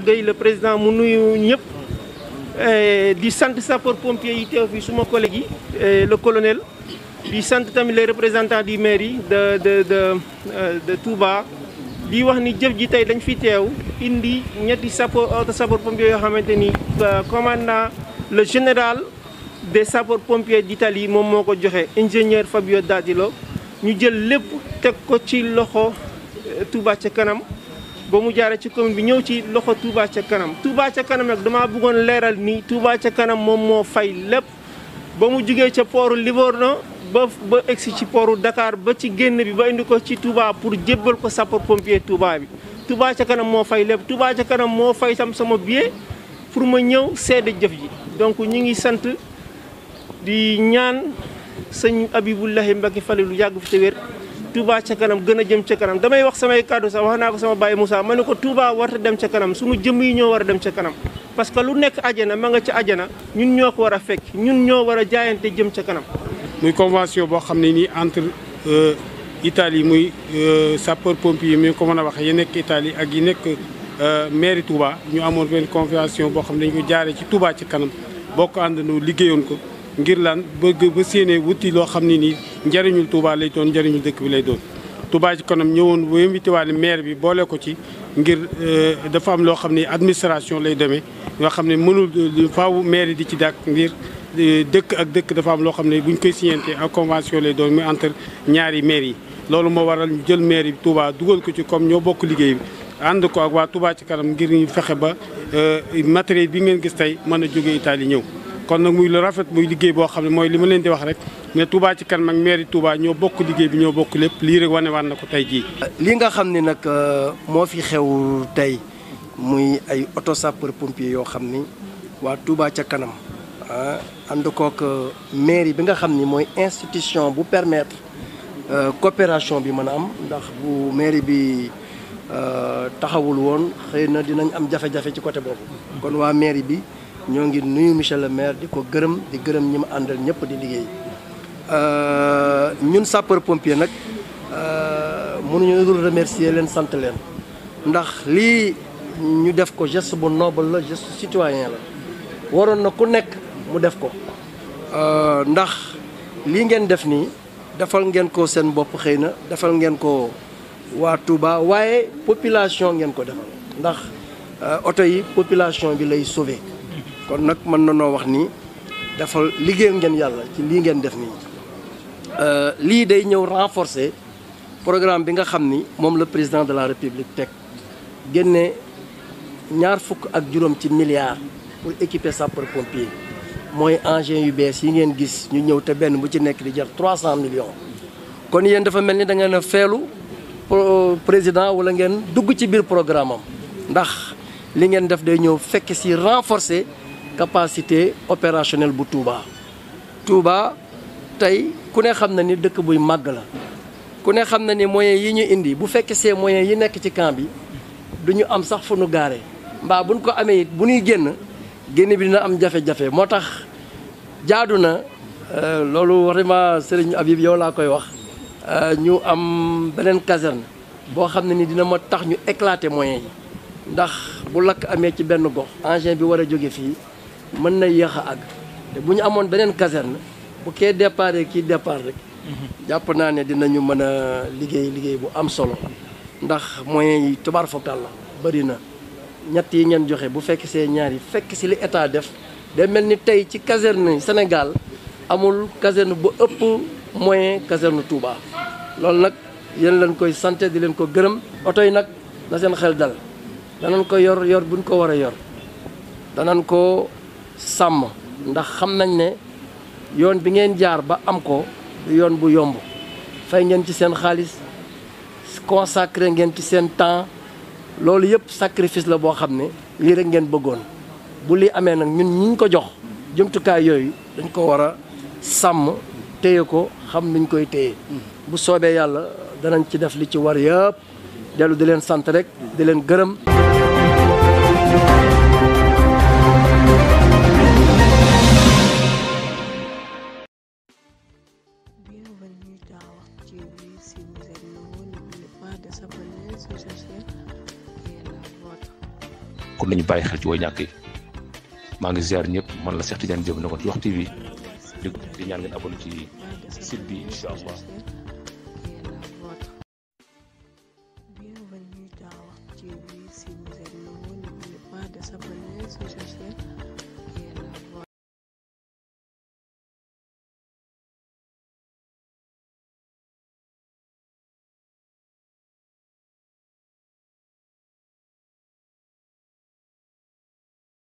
le président mu nuyu ñëpp eh, di sant sapeur pompier yi teew suma collègue yi eh, le colonel di sant tamit les représentants du mairie de de de euh, de Touba di wax ni jëf ji tay dañ fi teew indi ñetti sapeur sapeur pompier yo xamanteni commanda commandant le général des sapeurs pompiers d'Italie mon moko ko joxe ingénieur Fabio Dadilo ñu jël lepp tek ko ci loxo euh, Touba ci kanam ba mu jaaree ci commune bi ñëw ci loxo Touba ca kanam Touba ca kanam nag damaa bëggoon leeral nii Touba ca kanam moom moo fay lépp ba mu jógee ca pooru Livorno ba ba egsi ci pooru Dakar ba ci génn bi ba indi ko ci Touba pour jébbal ko sapeur pompier Touba bi Touba ca kanam moo fay lépp Touba ca kanam moo fay tam sama billet pour ma ñëw seede jëf ji donc ñu ngi sant di ñaan sëñ Abibullahi Mbacké Fallou lu yàgg fi te wér Touba ca kanam gën a jëm ca kanam damay wax samay kàddu sax wax naa ko sama baay Moussa ma ne ko war warta dem ca kanam sunu jëm yi ñoo war a dem ca kanam parce que lu nekk ajana ma nga ci ajana ñun ñoo ko war a fekk ñun ñoo war a jaayante jëm ca kanam muy convention boo xam ne nii entre euh, Italie muy euh, sapeur pompier mi ko mën a waxee yi nekk Italie ak yi nekk euh, mairie Touba ñu amoon benn convention boo xam ne dañu ko jaaree ci Touba ci kanam boo ko àndandoo liggéeyoon ko ngir lan bëgg ba séenee wuti loo xam ne nii njëriñul Touba lay doon njëriñul dëkk bi lay doon. Touba ci kanam ñëwoon ba invité waale maire bi boole ko ci ngir euh, dafa am loo xam ne administration lay demee yoo xam ne mënul euh, faaw maire yi di ci dàkk ngir euh, dëkk ak dëkk dafa am loo xam ne buñ koy signante ak convention lay doon muy entre ñaari maire yi. loolu moo waral ñu jël maire bi Touba dugal ko ci comme ñoo bokk liggéey bi ànd ko ak waa Touba ci kanam ngir ñu fexe ba matériel bi ngeen gis tey mën a jóge Italie ñëw. kon nag muy lu rafet muy liggéey boo xam ne mooy li ma leen di wax rek ne Touba ci kanam ak mairie Touba ñoo bokk liggéey bi ñoo bokk lépp lii rek wane wan na ko tey jii. li nga xam ne nag euh, moo fi xew tey muy ay oto sapeur pompier yoo xam ni waa Touba ca kanam ah ànd kook euh, mairie bi nga xam ni mooy institution bu permettre euh, coopération bi mën a am ndax bu mairie bi. taxawul woon xëy na dinañ am jafe-jafe ci côté boobu kon waa mairie bi ñoo ngi nuyu monsieur le maire di ko gërëm di gërëm ñi ma àndal ñëpp di liggéey euh, ñun sapeur pompier nag euh, mënuñu dul remercier leen sant leen ndax lii ñu def ko geste bu noble la geste citoyen la waroon na ku nekk mu def ko euh, ndax lii ngeen def nii defal ngeen ko seen bopp xëy na defal ngeen ko waa Touba waaye population ngeen ko defal ndax oto yi population bi lay sauver kon nak man na noo wax ni dafa liggéeyal ngeen yalla ci li ngeen def euh li day ñew renforcer programme bi nga xamni ni le président de la république tek genné ñaar fuk ak juroom ci milliard pour équiper sapeur pompier moy engin yu bes yi ngeen gis ñu ñew te benn bu ci nekk di jar 300 millions kon yeen dafa melni ni da ngeen a feelu président wala ngeen dugg ci bir programme am ndax li ngeen def day ñew fekk ci renforcer capacité opérationnelle bu Touba. Touba tey ku ne xam na ni dëkk buy màgg la ku ne xam na ni moyens yi ñu indi bu fekkee see moyens yi nekk ci camp bi du ñu am sax fu nu gaare mbaa buñ ko amee it bu ñuy génn génne bi dina am jafe-jafe moo tax jaadu na euh, loolu vraiment Serigne Habib yow laa koy wax euh, ñu am beneen caserne boo xam ne ni dina ma tax ñu éclater moyens yi ndax bu lakk amee ci benn gox engin bi war a jóge fii mën na yéex a àgg buñu amone benen caserne bu ké départé ki départ rek japp na né dinañu mëna liggéey liggéey bu am solo ndax moyen yi tubaar fokkal na ñatt yi ñen joxé bu fekk sé ñaar yi fekk ci li état def day melni tay ci caserne Sénégal amul caserne bu ëpp moyen caserne Touba lool nak yeen lañ koy santé di leen ko gërëm auto yi nak na seen xel dal ko yor yor buñ ko wara yor yor danañ ko sam ndax xam nañ ne yoon bi ngeen jaar ba am ko yoon bu yomb fay ngeen ci seen xaalis consacrer ngeen ci seen temps loolu yëpp sacrifice la boo xam ne lii rek ngeen bëggoon bu lii amee nag ñun ñiñ ko jox jumtukaay yooyu dañ ko war a sàmm téye ko xam nuñ koy téye bu soobee yàlla danañ ci def li ci war yëpp dellu di leen sant rek di leen gërëm s'abonner se chercher et la vôtre kon nañu bàyyi xel ci way ñàkk yi maa ngi ziar ñëpp man la ci wax TV di di ñaan ngeen abonné ci site bi allah Bienvenue dans TV si vous êtes nouveau, n'oubliez pas de s'abonner,